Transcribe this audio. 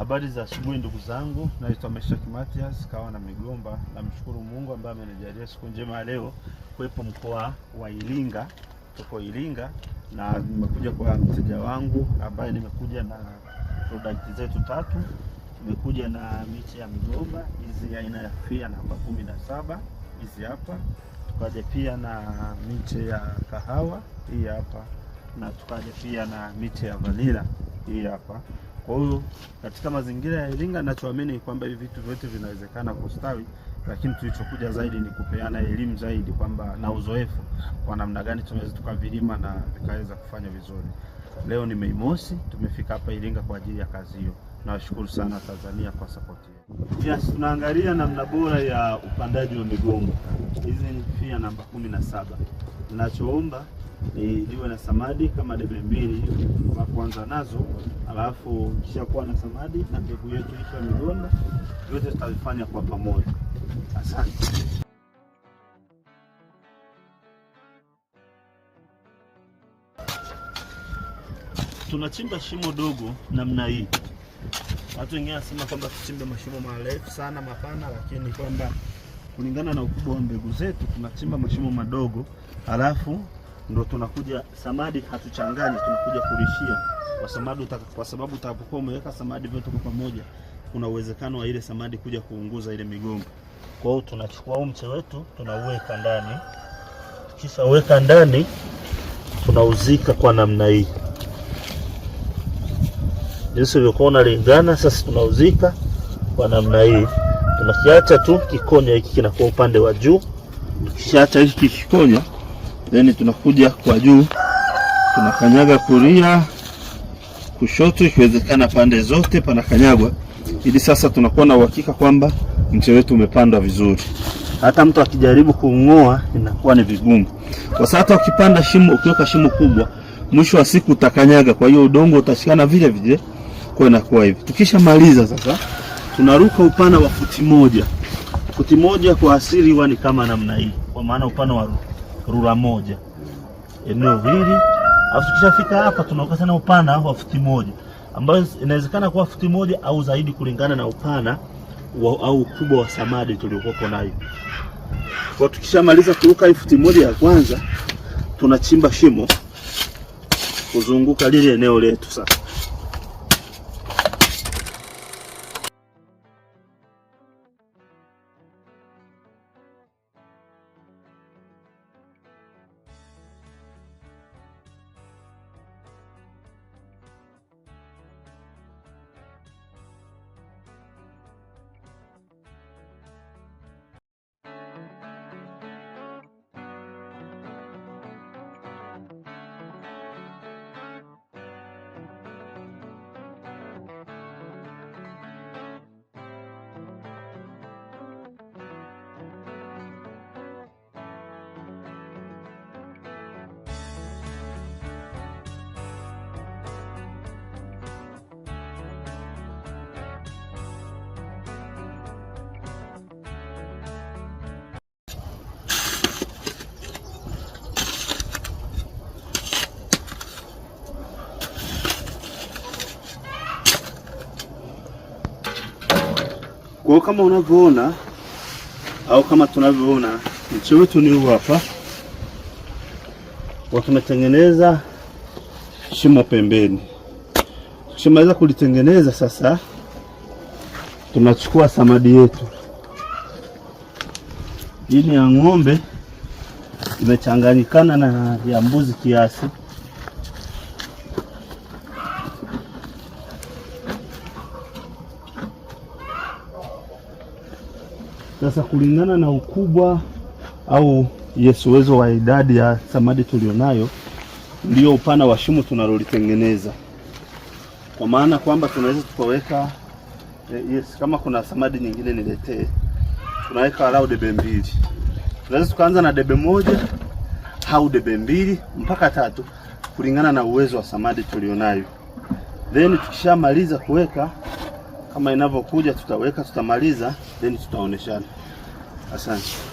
Habari za asubuhi ndugu zangu, naitwa Meshaki Matias kawa na Migomba. Namshukuru Mungu ambaye amenijalia siku njema ya leo kuwepo mkoa wa Iringa, tuko Iringa na nimekuja kwa mteja wangu ambaye nimekuja na product zetu tatu. Nimekuja na miche ya migomba hizi aina ya fia namba kumi na saba hizi hapa, tukaja pia na miche ya kahawa hii hapa, na tukaja pia na miche ya vanila hii hapa kwa hiyo katika mazingira ya Iringa, ninachoamini kwamba hivi vitu vyote vinawezekana kustawi, lakini tulichokuja zaidi ni kupeana elimu zaidi kwamba na uzoefu kwa namna gani tunaweza tukavilima na vikaweza kufanya vizuri. Leo ni Mei Mosi, tumefika hapa Iringa kwa ajili ya kazi hiyo. Nawashukuru sana Tanzania kwa sapoti yenu. Yes, tunaangalia namna bora ya upandaji wa migomba. Hizi ni fia namba kumi na saba. Ninachoomba ni liwe na samadi kama debe mbili wa kwanza nazo, alafu kuwa na samadi na mbegu yetu ya migomba yote tutavifanya kwa pamoja. Asante. Tunachimba shimo dogo namna hii. Watu wengine wanasema kwamba tuchimbe mashimo marefu sana mapana, lakini kwamba kulingana na ukubwa wa mbegu zetu tunachimba mashimo madogo, halafu ndo tunakuja samadi, hatuchanganyi, tunakuja kulishia kwa samadi, kwa sababu utakapokuwa umeweka samadi vyote kwa pamoja, kuna uwezekano wa ile samadi kuja kuunguza ile migomba. Kwa hiyo tunachukua huu mche wetu tunauweka ndani, kisha weka ndani tunauzika kwa namna hii jinsi ulivyokuwa unalingana. Sasa tunauzika kwa namna hii, tunakiacha tu kikonya hiki kinakuwa upande wa juu. Tukishaacha hiki kikonya, then tunakuja kwa juu, tunakanyaga kulia, kushoto, ikiwezekana pande zote panakanyagwa, ili sasa tunakuwa na uhakika kwamba mche wetu umepandwa vizuri. Hata mtu akijaribu kung'oa inakuwa ni vigumu, kwa sababu ukipanda shimo, ukiweka shimo kubwa, mwisho wa siku utakanyaga, kwa hiyo udongo utashikana vile vile kwa inakuwa hivi. Tukishamaliza sasa, tunaruka upana wa futi moja. Futi moja kwa asili huwa ni kama namna hii, kwa maana upana wa rula moja eneo hili. Afu tukishafika hapa, tunaruka tena upana wa futi moja, ambayo inawezekana kuwa futi moja au zaidi, kulingana na upana wa, au ukubwa wa samadi tuliokuwa nayo. Kwa tukishamaliza kuruka hii futi moja ya kwanza, tunachimba shimo kuzunguka lile eneo letu sasa Kwa hiyo kama unavyoona au kama tunavyoona, mche wetu ni huu hapa, kwa tumetengeneza shimo pembeni. Tukishamaliza kulitengeneza sasa, tunachukua samadi yetu. Hii ya ng'ombe imechanganyikana na ya mbuzi kiasi Sasa kulingana na ukubwa au yes uwezo wa idadi ya samadi tulionayo ndio upana wa shimo tunalolitengeneza, kwa maana kwamba tunaweza tukaweka eh, yes, kama kuna samadi nyingine niletee, tunaweka walau debe mbili. Tunaweza tukaanza na debe moja au debe mbili mpaka tatu kulingana na uwezo wa samadi tulionayo, then tukishamaliza kuweka kama inavyokuja tutaweka, tutamaliza, then tutaoneshana. Asante.